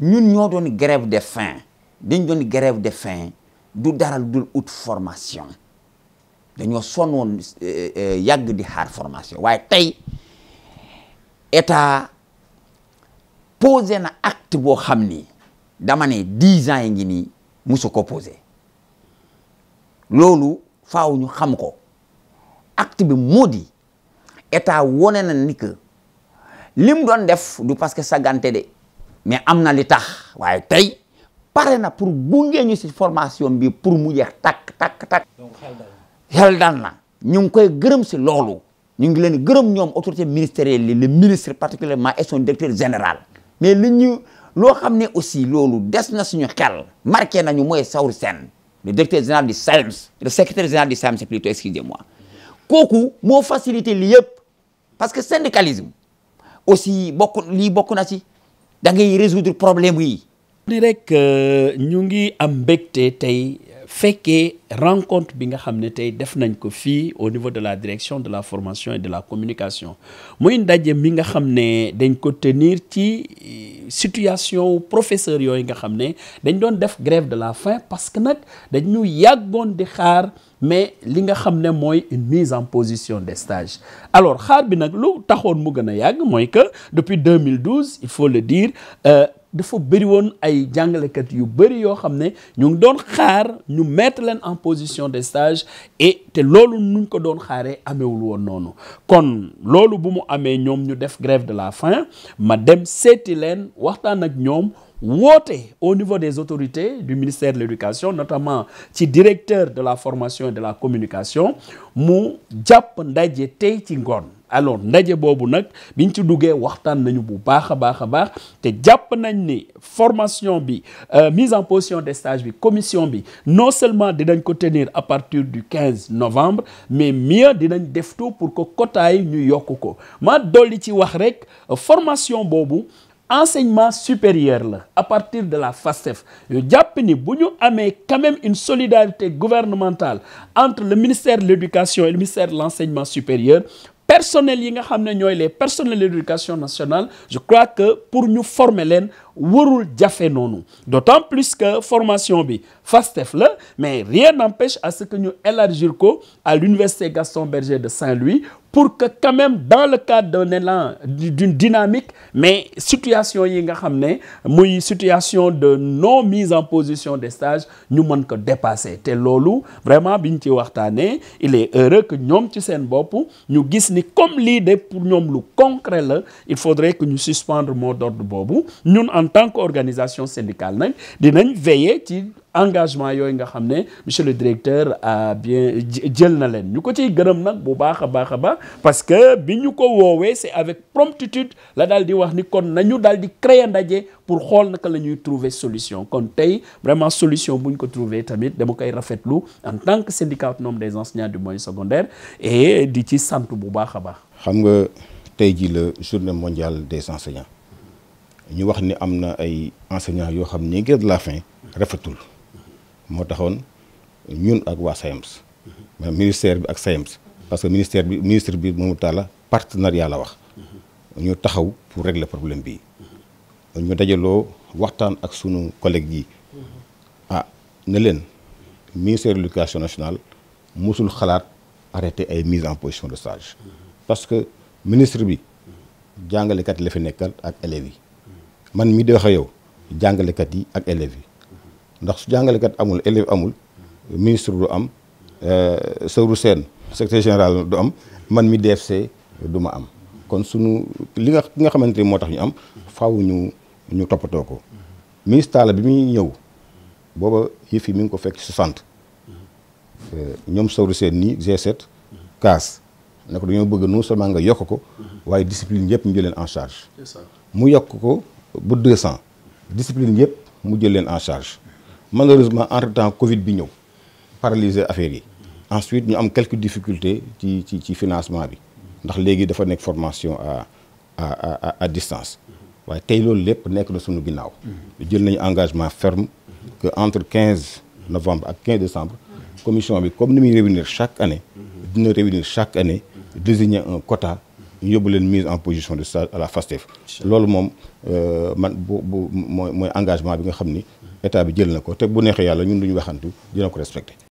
ñun ñoo doon grève de faim dañ doon grève de faim du dara lu dul ut formation dañoo sonn woon eh, eh, yàgg di xaar formation waaye tey état posé na acte boo xam ni dama ne dix ans yi ngi nii musu ko posé loolu faaw ñu xam ko acte bi moo di état wone na ni que lim doon def du parce que sagante de mais am na li tax waaye tey pare na pour gunge ñu si formation bi pour mu jeex takk takk takk. donc na ñu ngi koy gërëm si loolu. ñu ngi leen gërëm ñoom autorité ministérielle yi le ministre particulièrement et son directeur général. mais li ñu loo xam ne aussi loolu des na suñu xel. marqué nañu mooy Saourou Sène le directeur général du SAEMS le secrétaire général du SAEMS plutôt excusez-moi kooku moo facilité li yëpp parce que syndicalisme aussi bokk lii bokk na ci. da ngay résoudre problème yi ni rek euh, ñu ngi am mbégte tey fekkee rencontre bi nga xam ne tey def nañ ko au niveau de la direction de la formation et de la communication muy ndaje mi nga xam ne dañ ko tenir ci euh, situation professeur yooyu nga xam ne dañ doon def grève de la faim parce que nag dañu yàggoon di xaar mais li nga xam une mise en position des stages alors xaar bi nag lu taxoon mu gën a yàgg que depuis 2012 il faut le dire. Euh, dafa bëri woon ay jàngalekat yu bëri yoo xam ne ñu ngi doon xaar ñu mettre leen en position de stage et te loolu nuñ ko doon xaaree amewul woon noonu kon loolu bu mu amee ñoom ñu def grève de la faim ma dem seeti leen waxtaan ak ñoom woote au niveau des autorités du ministère de l'éducation notamment ci directeur de la formation et de la communication mu jàpp ndaje tey ci ngoon alors ndaje bobu nak biñ ci duggee waxtan nañu bu baax a baax a nañ ni formation bi euh, mise en position des stages bi commission bi non seulement dinañ ko tenir à partir du 15 novembre mais mieux dinañ def tout pour que quota yi ñu yokk ko ma doli ci wax rek formation bobu enseignement supérieur à partir de la FASTEF Le jàpp ni bu quand même une solidarité gouvernementale entre le ministère de l'éducation et le ministère de l'enseignement supérieur personnels yi nga xam ne ñooy les personnels de l'éducation nationale je crois que pour ñu former leen Wurul jafé nonou d'autant plus que formation bi FASTEF la mais rien n'empêche à ce que ñu élargir à l'université Gaston Berger de Saint-Louis pour que quand même dans le cadre d'un élan d'une dynamique mais situation yi nga xamné situation de non mise en position des stages ñu mën ko dépasser té vraiment biñ ci il est heureux que nous, ci sen bop ñu gis ni comme l'idée pour nous lu concret il faudrait que ñu suspendre mot d'ordre bobu ñun en en tant qu'organisation syndicale nous devons veiller ci engagement yooyu nga xam monsieur le directeur a bien jël na leen ñu ko ciy gërëm nag bu parce que bi nous ko c'est avec promptitude la daal di wax ni kon nañu daal di créer ndaje pour xool naka la ñuy trouver solution kon vraiment vraiment solution bu ñu ko trouver tamit dama koy rafetlu en tant que syndicat autonome des enseignants du moyen secondaire et di ci sant bu baax a baax. xam nga tey jii journée mondiale des enseignants ñu wax ni am na ay enseignants yoo xam ni de la faim rafetul moo taxoon ñun ak waa SAEMS maanaam ministère bi ak SAEMS parce que ministère bi ministre bi moomu taala partenariat la wax ñu taxaw pour régler problème bi ñu dajaloo waxtaan ak sunu collègue yi ah ne leen ministère de l'éducation nationale musul xalaat arrêté ay mise en position de stage parce que ministre bi jàngalekat la fi nekkal ak élèves yi man mii di wax yow jàngalekat yi ak élèves yi ndax su jàngalekat amul élève amul ministre du am euh, Sëwru seen secrétaire général du am man mi DFC du ma am kon sunu li nga nga xamante ni moo tax ñu am faw ñu ñu toppatoo ko ministre la bi muy ñëw booba yëf yi mu ngi ko fekk 60 euh, ñoom Sëwru seen nii G7 CAS ne ko dañoo bëgg non seulement nga yokk ko waaye discipline yëpp ñu jëleen en charge mu yokk ko de 200 discipline yep mu jël en charge malheureusement entre temps Covid bi ñew paralyser affaire yi ensuite nous avons quelques difficultés ci ci financement bi ndax légui dafa nek formation à à à distance waaye tay loolu lépp nekk na suñu ginnaaw. jël un engagement ferme que entre 15 novembre ak 15 décembre commission bi comme ni muy chaque année. dina revenir chaque année désigner un quota. Je une mise en position de stage à la FASTEF. C'est ce que engagement bi nga mm-hmm. état